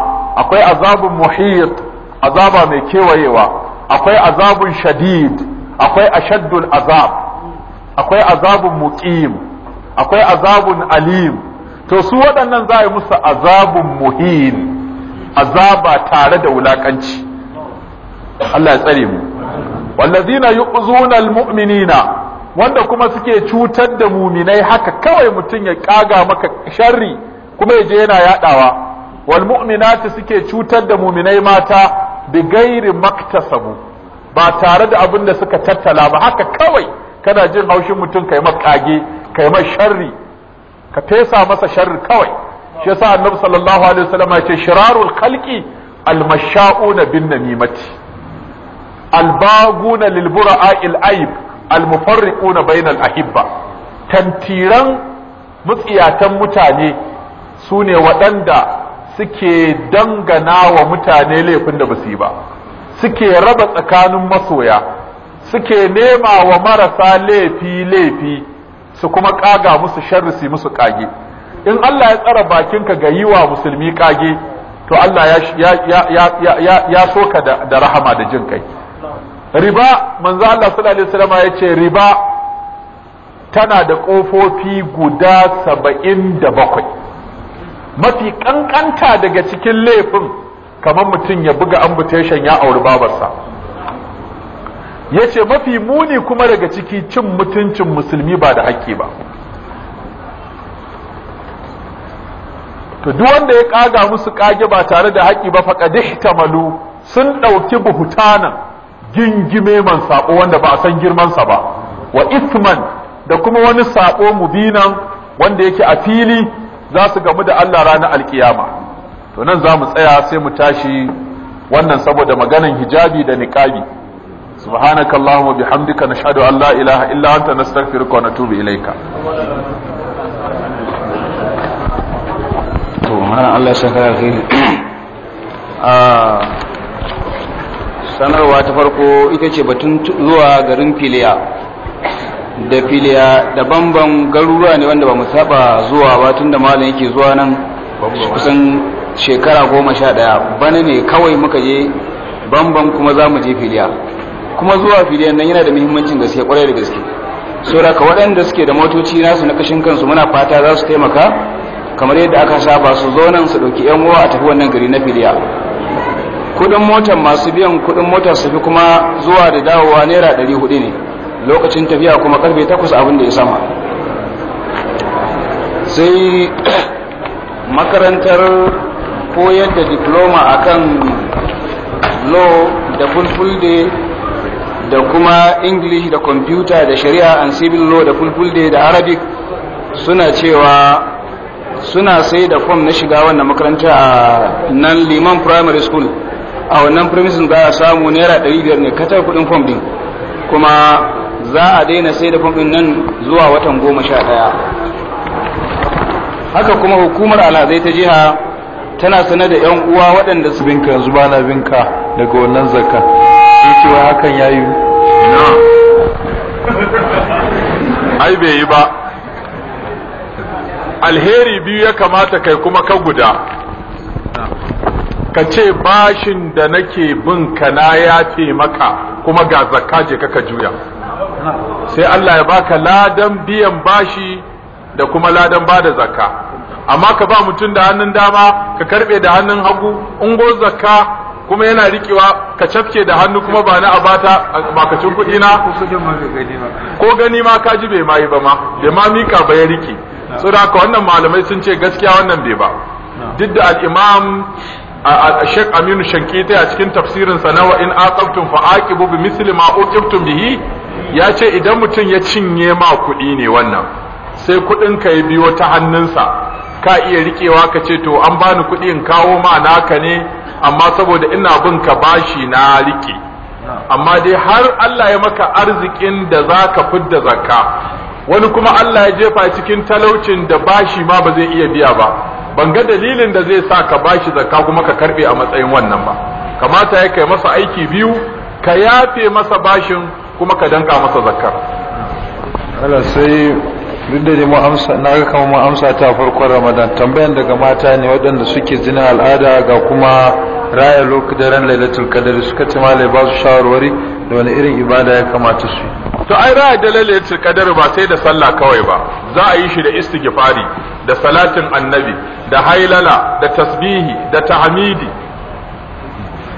Speaker 1: akwai azabun muhit azaba mai kewayewa akwai azabun shadid akwai ashaddul azab akwai azabun muqim akwai azabun alim to su waɗannan za a yi musu azabun muhin azaba tare da wulakanci Allah ya tsare mu wallazina yu'zuna almu'minina wanda kuma suke cutar da muminai haka kawai mutum ya kaga maka sharri kuma yaje yana yadawa wal mu'minati suke cutar da muminai mata bi gairi maktasabu ba tare da abin da suka tattala ba haka kawai kana jin haushin mutum kai makage kai mai sharri ka fesa masa sharri kawai shi yasa annabi sallallahu alaihi wasallam ya ce shirarul khalqi almasha'una bin namimati albaguna lil bura'il aib na bainal ahibba tantiran mutsiyatan mutane sune waɗanda suke dangana wa mutane laifin da basu yi ba suke raba tsakanin masoya suke nema wa marasa laifi laifi su kuma kaga musu sharri musu kage in Allah ya tsara bakinka ga yi wa musulmi kage to Allah ya ya ya ya soka da, da rahama da jin kai riba manzo Allah sallallahu alaihi wasallam ya ce riba tana da kofofi guda saba'in da bakwai mafi kankanta daga cikin laifin kamar mutum ya buga ambutation ya auri babarsa Ya ce mafi muni kuma daga ciki cin mutuncin musulmi ba da haƙƙi ba to duk wanda ya kaga musu kage ba tare da haƙƙi ba faqad malu sun ɗauki buhutanan gingime man sako wanda ba a san girmansa ba wa ithman da kuma wani sabo mubinan wanda yake a fili za su gamu da Allah ranar alkiyama to nan za mu tsaya sai mu tashi wannan saboda maganan hijabi da niƙabi. سبحانك اللهم وبحمدك نشهد أن لا إله إلا أنت نستغفرك ونتوب إليك
Speaker 3: Allah saka kai ah, sanarwa ta farko ita ce batun zuwa garin filiya da filiya da bamban garuruwa ne wanda ba mu saba zuwa ba tun da malam yake zuwa nan kusan shekara goma sha daya bana ne kawai muka je bamban kuma za mu je filiya kuma zuwa filiyan nan yana da muhimmancin gaske kwarai da gaske sauraka waɗanda suke da motoci nasu na kashin kansu muna fata za su taimaka kamar yadda aka saba su zo nan su ɗauki yan uwa a tafi wannan gari na filiya kudin motar masu biyan kudin motar su fi kuma zuwa da dawowa naira 400 ne lokacin tafiya kuma karfe takwas abin da ya sama sai makarantar koyar da diploma akan law da fulfulde da kuma english da computer da shari'a and civil law da fulfulde da arabic suna cewa suna sai da fom na shiga wannan makaranta a nan liman primary school a wannan premises za a samu naira 500 ne katar kudin fom din kuma za a daina sai da fom din nan zuwa watan goma sha daya haka kuma hukumar al'azai ta jiha tana sanar da 'yan uwa waɗanda su binka zubana binka daga wannan zakka cewa hakan
Speaker 1: ya yi ai bai yi ba alheri biyu ya kamata kai kuma ka guda ka ce bashin da nake bin ka ya ce maka kuma ga zakka je ka juya sai Allah ya baka ladan biyan bashi da kuma ladan bada zakka amma ka ba mutum da hannun dama ka karbe da hannun hagu ungo zakka kuma yana rikewa ka cafke da hannu kuma ba na abata makacin kuɗi na ko gani ma ka ji bai mayi ba ma Da ma mika ba ya rike so da haka wannan malamai sun ce gaskiya wannan bai ba duk da al-imam Sheikh Aminu Shankita a cikin tafsirin sa na in aqabtum fa aqibu bi misli ma uqibtum bihi ya ce idan mutum ya cinye ma kuɗi ne wannan sai kuɗin ka ya biyo ta hannunsa ka iya rikewa ka ce to an bani kuɗi in kawo ma naka ne amma saboda ina bin ka bashi na rike amma dai har Allah ya maka arzikin da zaka fidda zakka wani kuma Allah ya jefa cikin talaucin da bashi ma ba zai iya biya ba ban ga dalilin da zai sa ka bashi zakka kuma ka karbe a matsayin wannan ba kamata ya kai masa aiki biyu ka yafe masa bashin kuma ka danka masa zakka Allah sai duk da mu amsa na ga kamar mu amsa ta farkon Ramadan tambayan daga mata ne waɗanda suke zina al'ada ga kuma raya lokacin ran Lailatul Qadr suka ci malai ba su shawarwari da wani irin ibada ya kamata su to ai raya da Lailatul Qadr ba sai da sallah kawai ba za a yi shi da istighfari da salatin annabi da hailala da tasbihi da tahmidi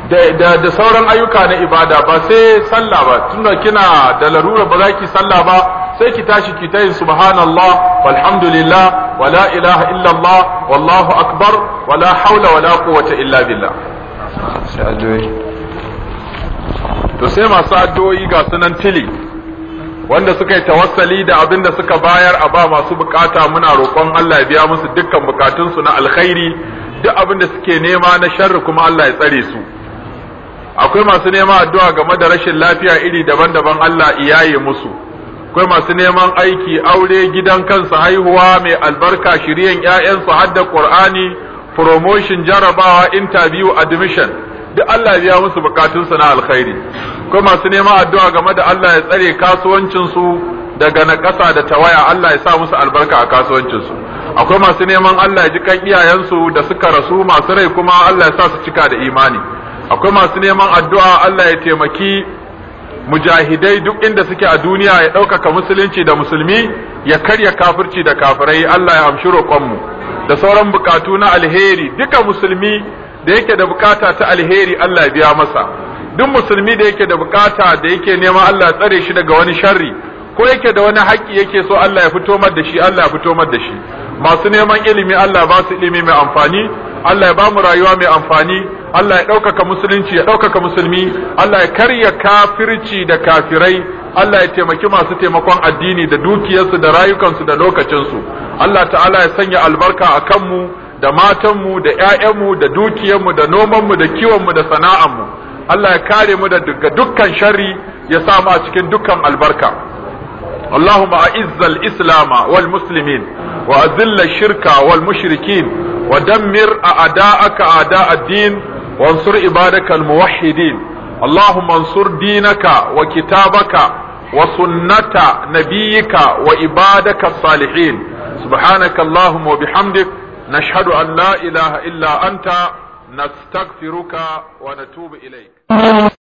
Speaker 1: da sauran ayyuka na ibada ba sai sallah ba tunda kina da larura ba za ki sallah ba sai ki tashi ki tayi subhanallah walhamdulillah wala ilaha illallah wallahu akbar wala haula wala quwwata illa billah to sai masu addu'o'i ga sunan tili wanda suka yi tawassali da abin da suka bayar a ba masu bukata muna roƙon Allah ya biya musu dukkan bukatunsu na alkhairi duk abin da suke nema na sharri kuma Allah ya tsare su akwai masu nema addu'a game da rashin lafiya iri daban-daban Allah iyaye musu akwai masu neman aiki aure gidan kansa haihuwa mai albarka shiryen ƴaƴansu hadda qur'ani promotion jarabawa interview admission duk Allah ya musu bukatun su na alkhairi akwai masu neman addu'a game da Allah ya tsare kasuwancinsu daga nakasa da tawaya Allah ya sa musu albarka a kasuwancinsu akwai masu neman Allah ya ji kan iyayensu da suka rasu masu rai kuma Allah ya sa su cika da imani akwai masu neman addu'a Allah ya taimaki mujahidai duk inda suke a duniya ya ɗaukaka musulunci da musulmi ya karya kafirci da kafirai Allah ya amshi roƙonmu da sauran bukatu na alheri duka musulmi da yake da bukata ta alheri Allah ya biya masa duk musulmi da yake da bukata da yake nema Allah ya tsare shi daga wani sharri ko yake da wani haƙƙi yake so Allah ya fito mar da shi Allah ya fito mar da shi masu neman ilimi Allah ba su ilimi mai amfani Allah ya bamu rayuwa mai amfani Allah ya ɗaukaka musulunci ya ɗaukaka musulmi Allah ya karya kafirci da kafirai Allah ya taimaki masu taimakon addini da dukiyarsu da rayukansu da lokacinsu Allah ta'ala ya sanya albarka a kanmu da matanmu da 'ya'yanmu da dukiyarmu da nomanmu da kiwonmu da sana'anmu Allah ya kare mu daga dukkan sharri ya sa mu a cikin dukkan albarka aizzal اللهم أعز الإسلام والمسلمين shirka wal والمشركين ودمر أعداءك أعداء الدين وانصر عبادك الموحدين اللهم انصر دينك وكتابك وسنة نبيك وعبادك الصالحين سبحانك اللهم وبحمدك نشهد أن لا إله إلا أنت نستغفرك ونتوب إليك